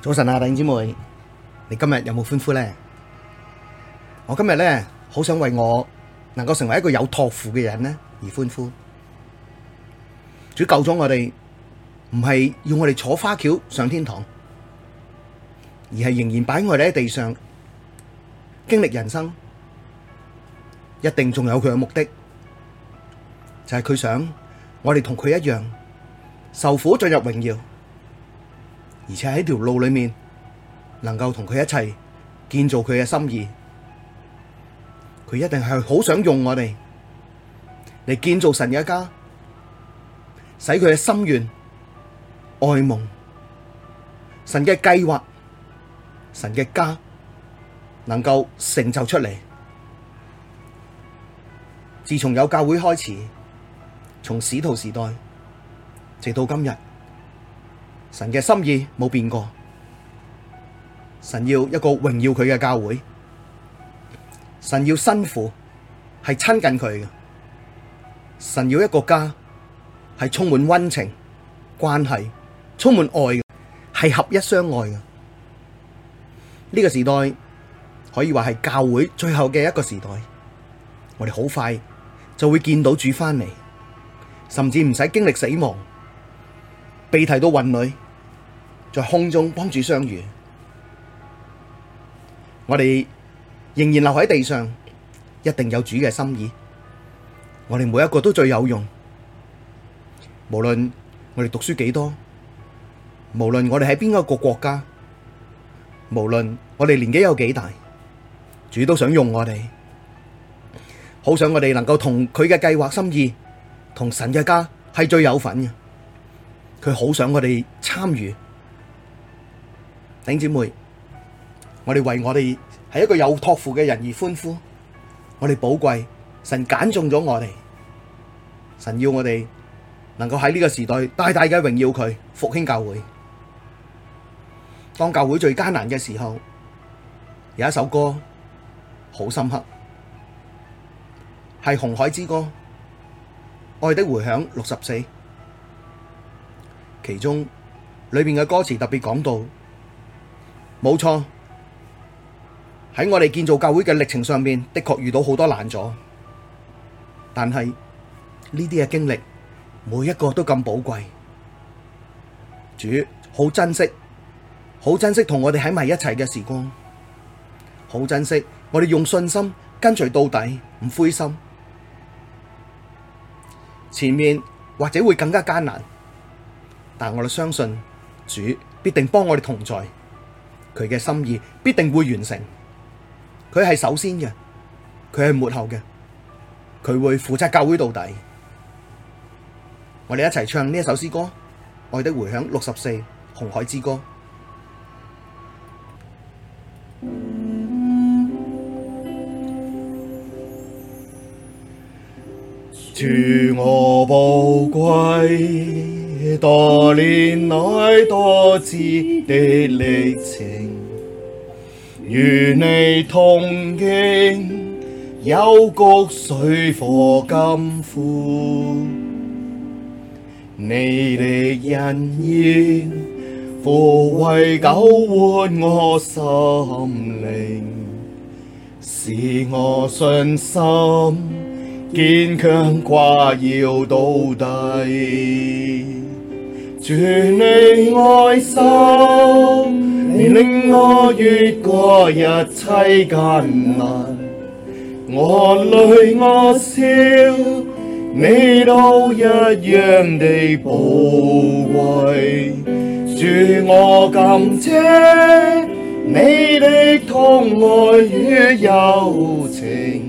早晨啊，弟兄姊妹，你今日有冇歡呼咧？我今日咧好想為我能夠成為一個有託付嘅人咧而歡呼。主救咗我哋，唔係要我哋坐花轎上天堂，而係仍然擺我哋喺地上經歷人生，一定仲有佢嘅目的，就係佢想我哋同佢一樣受苦進入榮耀。而且喺條路裏面，能夠同佢一齊建造佢嘅心意，佢一定係好想用我哋嚟建造神嘅家，使佢嘅心願、愛夢、神嘅計劃、神嘅家，能夠成就出嚟。自從有教會開始，從使徒時代直到今日。神嘅心意冇變過，神要一個榮耀佢嘅教會，神要辛苦係親近佢嘅，神要一個家係充滿溫情關係，充滿愛嘅係合一相愛嘅。呢個時代可以話係教會最後嘅一個時代，我哋好快就會見到主返嚟，甚至唔使經歷死亡，被提到雲裏在空中幫主相遇，我哋仍然留喺地上，一定有主嘅心意。我哋每一個都最有用，無論我哋讀書幾多，無論我哋喺邊一個國家，無論我哋年紀有幾大，主都想用我哋，好想我哋能夠同佢嘅計劃心意同神嘅家係最有份嘅，佢好想我哋參與。弟兄姊妹，我哋為我哋係一個有託付嘅人而歡呼。我哋寶貴，神揀中咗我哋，神要我哋能夠喺呢個時代大大嘅榮耀佢復興教會。當教會最艱難嘅時候，有一首歌好深刻，係《紅海之歌》，愛的迴響六十四，其中裡面嘅歌詞特別講到。冇錯，喺我哋建造教會嘅歷程上面，的確遇到好多難阻，但係呢啲嘅經歷，每一個都咁寶貴。主好珍惜，好珍惜同我哋喺埋一齊嘅時光，好珍惜我哋用信心跟隨到底，唔灰心。前面或者會更加艱難，但我哋相信主必定幫我哋同在。佢嘅心意必定會完成，佢係首先嘅，佢係末後嘅，佢會負責教會到底。我哋一齊唱呢一首詩歌《愛的迴響》六十四《紅海之歌》。主我寶貴，多年來多姿的歷程，與你同經，幽谷水火甘苦，你的恩言撫慰救活我心靈，使我信心堅強誇耀到底。主你愛手、嗯、領我越過一切艱難，我淚我笑，你都一樣的寶貴。主我感謝，你的疼愛與柔情。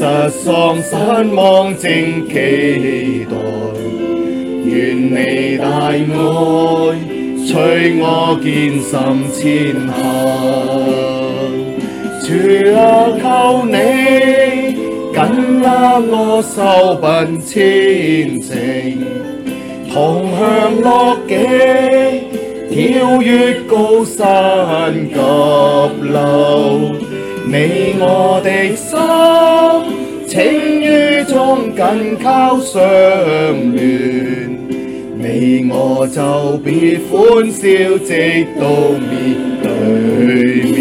失喪失望正期待，願你大愛催我堅心前行。主啊，靠你緊握我手，奔前程，同向樂境，跳越高山急流。你我的心，晴雨中緊靠相戀，你我就必歡笑，直到面對面。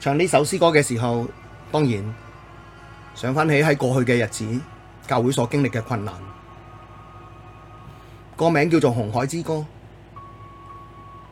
唱呢首詩歌嘅時候，當然想翻起喺過去嘅日子，教會所經歷嘅困難。歌名叫做《紅海之歌》。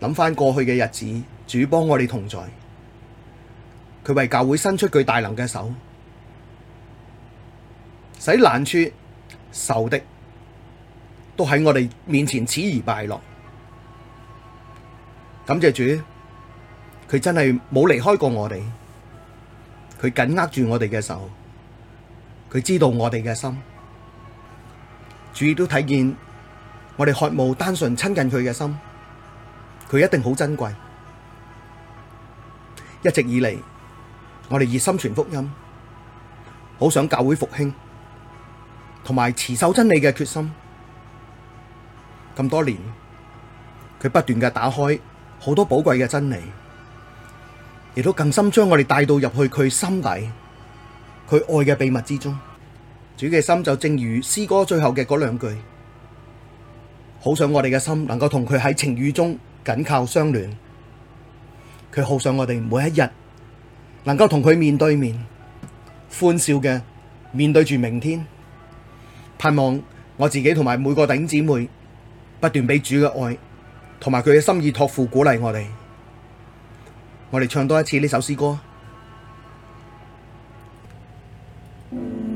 諗翻過去嘅日子，主幫我哋同在，佢為教會伸出佢大能嘅手，使難處受的都喺我哋面前恥而敗落。感謝主，佢真係冇離開過我哋，佢緊握住我哋嘅手，佢知道我哋嘅心，主都睇見我哋渴慕單純親近佢嘅心。佢一定好珍貴，一直以嚟我哋熱心傳福音，好想教會復興，同埋持守真理嘅決心咁多年，佢不斷嘅打開好多寶貴嘅真理，亦都更深將我哋帶到入去佢心底，佢愛嘅秘密之中。主嘅心就正如詩歌最後嘅嗰兩句，好想我哋嘅心能夠同佢喺晴雨中。緊靠相戀，佢好想我哋每一日能夠同佢面對面歡笑嘅，面對住明天，盼望我自己同埋每個弟兄姊妹不斷俾主嘅愛同埋佢嘅心意托付鼓勵我哋，我哋唱多一次呢首詩歌。嗯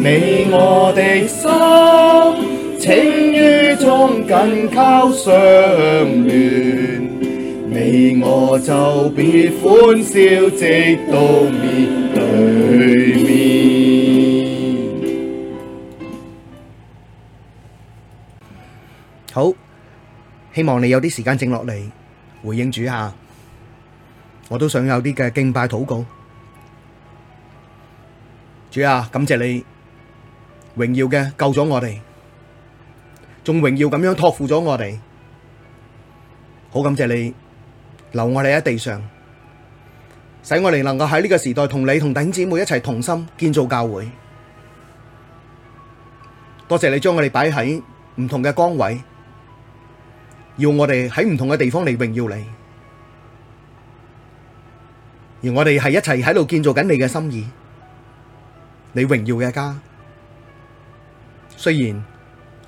你我的心，晴雨中緊靠相戀，你我就必歡笑，直到面對面。好，希望你有啲時間靜落嚟回應主吓！我都想有啲嘅敬拜禱告，主啊，感謝你。榮耀嘅救咗我哋，仲榮耀噉樣託付咗我哋，好感謝你留我哋喺地上，使我哋能夠喺呢個時代同你同弟兄姊妹一齊同心建造教會。多謝你將我哋擺喺唔同嘅崗位，要我哋喺唔同嘅地方嚟榮耀你，而我哋係一齊喺度建造緊你嘅心意，你榮耀嘅家。雖然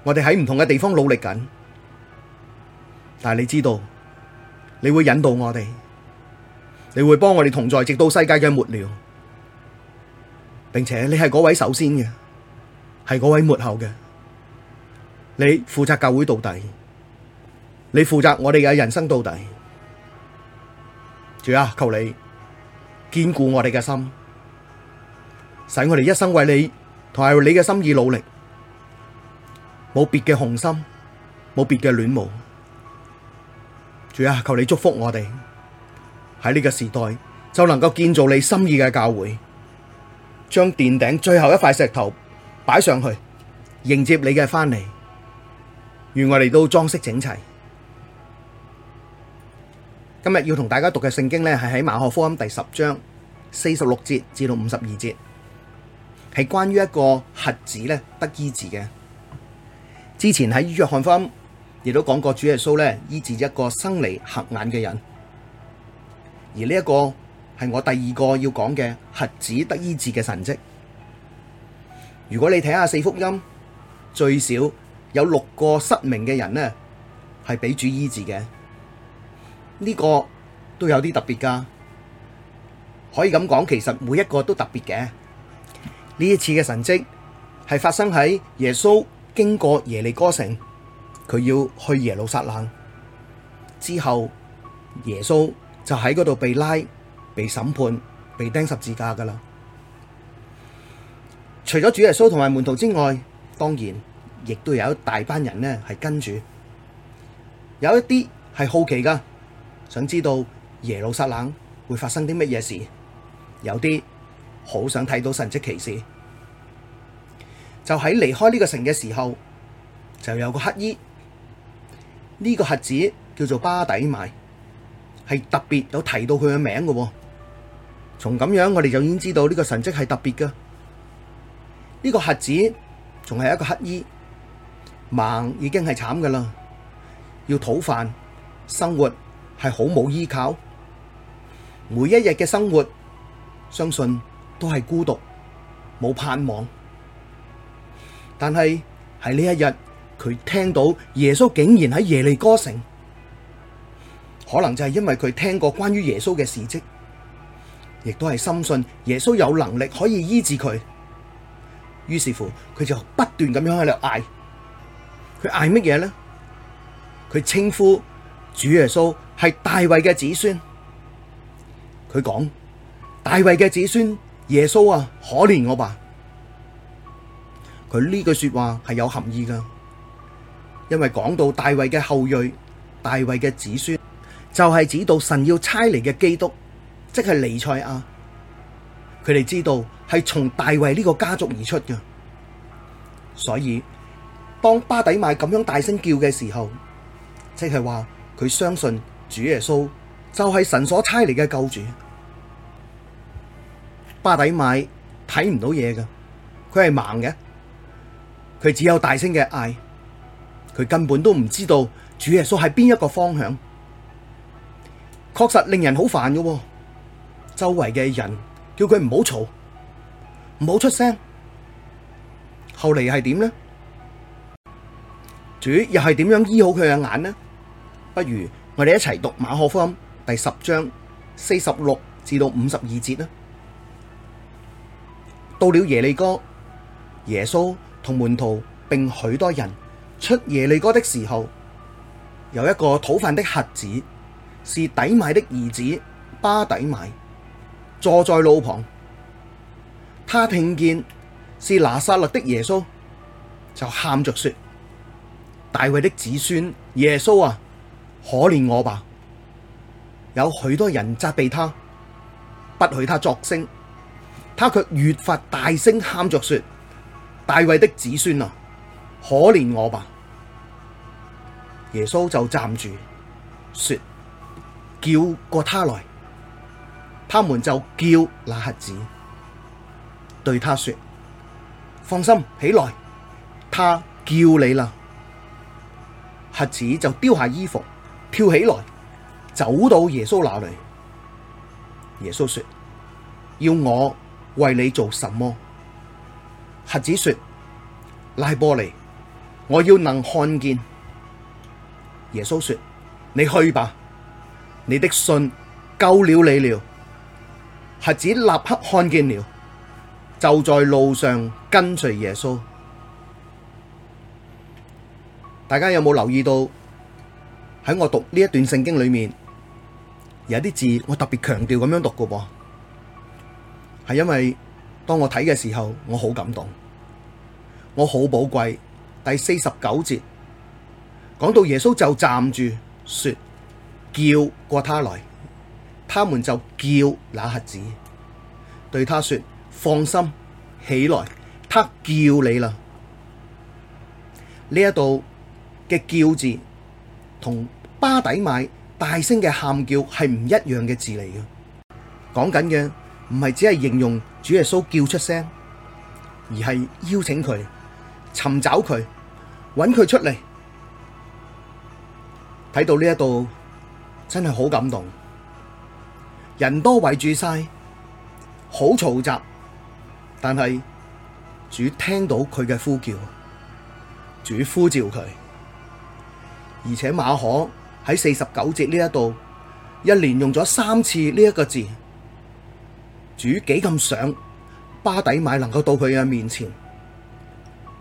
我哋喺唔同嘅地方努力緊，但係你知道你會引導我哋，你會幫我哋同在，直到世界嘅末了，並且你係嗰位首先嘅，係嗰位末後嘅，你負責教會到底，你負責我哋嘅人生到底。主啊，求你堅固我哋嘅心，使我哋一生為你同埋你嘅心意努力。冇別嘅雄心，冇別嘅戀慕，主啊，求你祝福我哋喺呢個時代就能夠建造你心意嘅教會，將殿頂最後一塊石頭擺上去，迎接你嘅翻嚟，願我哋都裝飾整齊。今日要同大家讀嘅聖經咧，係喺馬可福音第十章四十六節至到五十二節，係關於一個瞎子咧得醫治嘅。之前喺約翰福音亦都講過，主耶穌呢，醫治一個生嚟瞎眼嘅人，而呢一個係我第二個要講嘅瞎子得醫治嘅神蹟。如果你睇下四福音，最少有六個失明嘅人呢，係俾主醫治嘅，呢、這個都有啲特別噶。可以咁講，其實每一個都特別嘅。呢一次嘅神蹟係發生喺耶穌。經過耶利哥城，佢要去耶路撒冷，之後耶穌就喺嗰度被拉、被審判、被釘十字架噶啦。除咗主耶穌同埋門徒之外，當然亦都有一大班人呢係跟住，有一啲係好奇噶，想知道耶路撒冷會發生啲乜嘢事，有啲好想睇到神蹟奇事。就喺離開呢個城嘅時候，就有個乞兒，呢、這個瞎子叫做巴底買，係特別有提到佢嘅名嘅、哦。從咁樣，我哋就已經知道呢個神蹟係特別嘅。呢、這個瞎子仲係一個乞兒，盲已經係慘噶啦，要討飯生活係好冇依靠，每一日嘅生活相信都係孤獨，冇盼望。但係喺呢一日，佢聽到耶穌竟然喺耶利哥城，可能就係因為佢聽過關於耶穌嘅事跡，亦都係深信耶穌有能力可以醫治佢。於是乎，佢就不斷咁樣喺度嗌，佢嗌乜嘢咧？佢稱呼主耶穌係大衛嘅子孫。佢講：大衛嘅子孫耶穌啊，可憐我吧！佢呢句說話係有含義噶因為講到大衛嘅後裔、大衛嘅子孫，就係指到神要差嚟嘅基督，即係彌賽亞。佢哋知道係從大衛呢個家族而出嘅，所以當巴底買咁樣大聲叫嘅時候，即係話佢相信主耶穌就係神所差嚟嘅救主。巴底買睇唔到嘢噶，佢係盲嘅。佢只有大聲嘅嗌，佢根本都唔知道主耶穌係邊一個方向，確實令人好煩噶。周圍嘅人叫佢唔好嘈，唔好出聲。後嚟係點呢？主又係點樣醫好佢嘅眼呢？不如我哋一齊讀馬可福音第十章四十六至到五十二節啦。到了耶利哥，耶穌。同門徒並許多人出耶利哥的時候，有一個討飯的瞎子，是底買的兒子巴底買，坐在路旁。他聽見是拿撒勒的耶穌，就喊着說：大衛的子孫耶穌啊，可憐我吧！有許多人責備他，不許他作聲，他卻越發大聲喊着說。大衛的子孫啊，可憐我吧！耶穌就站住說，叫過他來。他們就叫那瞎子，對他說：放心，起來，他叫你啦。瞎子就丟下衣服，跳起來，走到耶穌那裡。耶穌說：要我為你做什麼？瞎子說：拉波尼，我要能看見。耶穌說：你去吧，你的信救了你了。瞎子立刻看見了，就在路上跟隨耶穌。大家有冇留意到喺我讀呢一段聖經裏面，有啲字我特別強調咁樣讀噶噃，係因為當我睇嘅時候，我好感動。我好寶貴第四十九節講到耶穌就站住說，叫過他來，他們就叫那瞎子對他說，放心起來，他叫你啦。呢一度嘅叫字同巴底買大聲嘅喊叫係唔一樣嘅字嚟嘅。講緊嘅唔係只係形容主耶穌叫出聲，而係邀請佢。尋找佢，揾佢出嚟，睇到呢一度真係好感動。人多圍住晒，好嘈雜，但係主聽到佢嘅呼叫，主呼召佢。而且馬可喺四十九節呢一度，一連用咗三次呢一個字，主幾咁想巴底買能夠到佢嘅面前。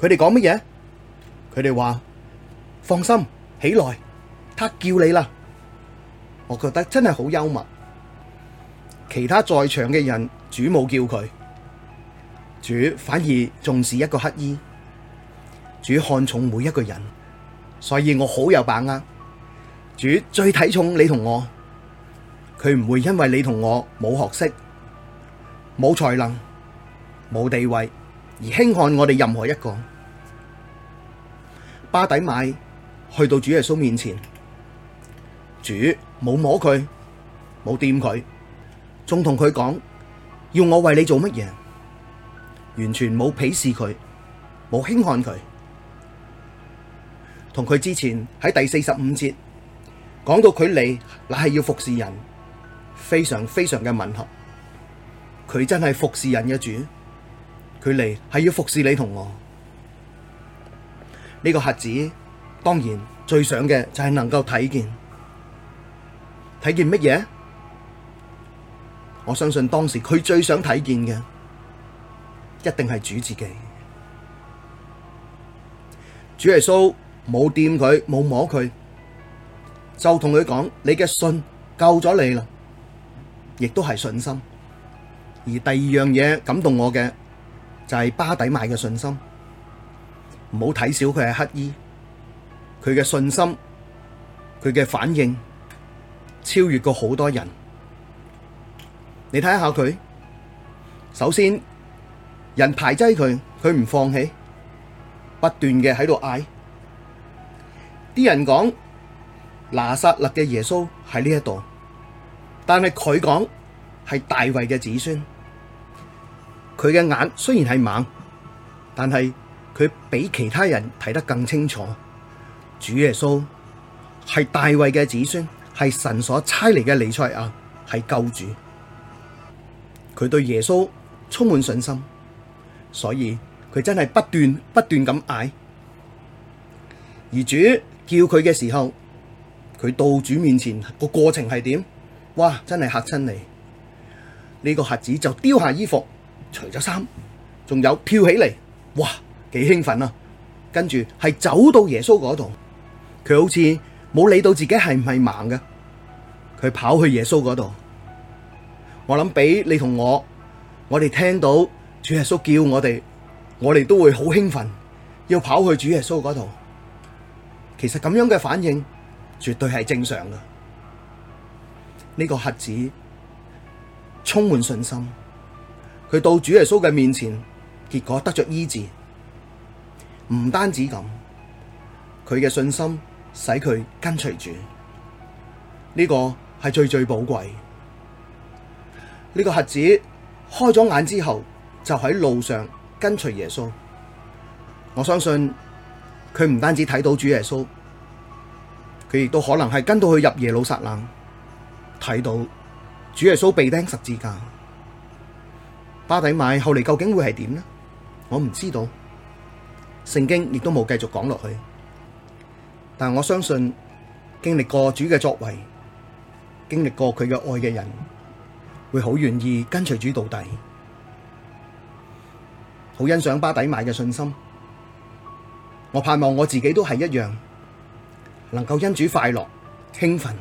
佢哋講乜嘢？佢哋話放心，起來，他叫你啦。我覺得真係好幽默。其他在場嘅人主冇叫佢，主反而仲是一個乞兒。主看重每一個人，所以我好有把握。主最睇重你同我，佢唔會因為你同我冇學識、冇才能、冇地位。而輕看我哋任何一個。巴底買去到主耶穌面前，主冇摸佢，冇掂佢，仲同佢講，要我為你做乜嘢？完全冇鄙視佢，冇輕看佢，同佢之前喺第四十五節講到佢嚟乃係要服侍人，非常非常嘅吻合，佢真係服侍人嘅主。佢嚟係要服侍你同我。呢個瞎子，當然最想嘅就係能夠睇見，睇見乜嘢？我相信當時佢最想睇見嘅，一定係主自己。主耶穌冇掂佢，冇摸佢，就同佢講：你嘅信救咗你啦，亦都係信心。而第二樣嘢感動我嘅。就係巴底買嘅信心，唔好睇小佢係乞兒，佢嘅信心，佢嘅反應超越過好多人。你睇下佢，首先人排擠佢，佢唔放棄，不斷嘅喺度嗌，啲人講拿撒勒嘅耶穌喺呢一度，但係佢講係大衛嘅子孫。佢嘅眼雖然係盲，但係佢比其他人睇得更清楚。主耶穌係大衛嘅子孫，係神所差嚟嘅彌賽亞，係救主。佢對耶穌充滿信心，所以佢真係不斷不斷咁嗌。而主叫佢嘅時候，佢到主面前個過程係點？哇！真係嚇親你。呢、這個瞎子就丟下衣服。除咗衫，仲有跳起嚟，哇，幾興奮啊！跟住係走到耶穌嗰度，佢好似冇理到自己係唔係盲嘅，佢跑去耶穌嗰度。我諗俾你同我，我哋聽到主耶穌叫我哋，我哋都會好興奮，要跑去主耶穌嗰度。其實咁樣嘅反應絕對係正常噶。呢、這個瞎子充滿信心。去到主耶穌嘅面前，結果得咗醫治。唔單止咁，佢嘅信心使佢跟隨住，呢、這個係最最寶貴。呢、這個瞎子開咗眼之後，就喺路上跟隨耶穌。我相信佢唔單止睇到主耶穌，佢亦都可能係跟到去入耶路撒冷，睇到主耶穌被釘十字架。巴底買後嚟究竟會係點呢？我唔知道，聖經亦都冇繼續講落去。但我相信經歷過主嘅作為，經歷過佢嘅愛嘅人，會好願意跟隨主到底，好欣賞巴底買嘅信心。我盼望我自己都係一樣，能夠因主快樂興奮，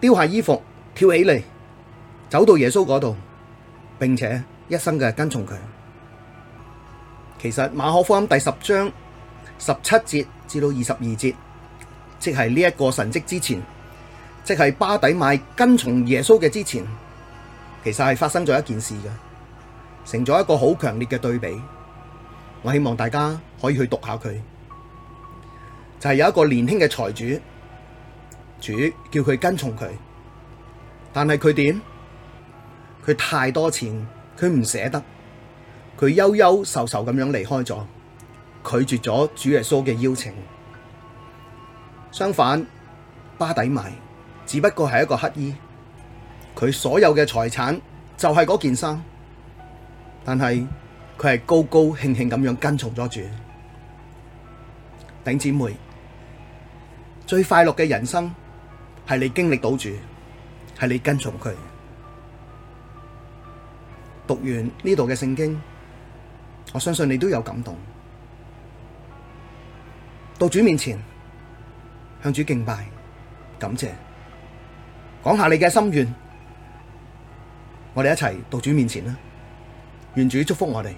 丟下衣服跳起嚟，走到耶穌嗰度。並且一生嘅跟從佢。其實馬可福音第十章十七節至到二十二節，即係呢一個神蹟之前，即係巴底買跟從耶穌嘅之前，其實係發生咗一件事嘅，成咗一個好強烈嘅對比。我希望大家可以去讀下佢，就係、是、有一個年輕嘅財主，主叫佢跟從佢，但係佢點？佢太多錢，佢唔捨得，佢憂憂愁愁咁樣離開咗，拒絕咗主耶穌嘅邀請。相反，巴底買只不過係一個乞衣，佢所有嘅財產就係嗰件衫，但係佢係高高興興咁樣跟從咗主。頂姐妹最快樂嘅人生係你經歷到主，係你跟從佢。讀完呢度嘅聖經，我相信你都有感動。到主面前，向主敬拜，感謝，講下你嘅心願。我哋一齊到主面前啦，願主祝福我哋。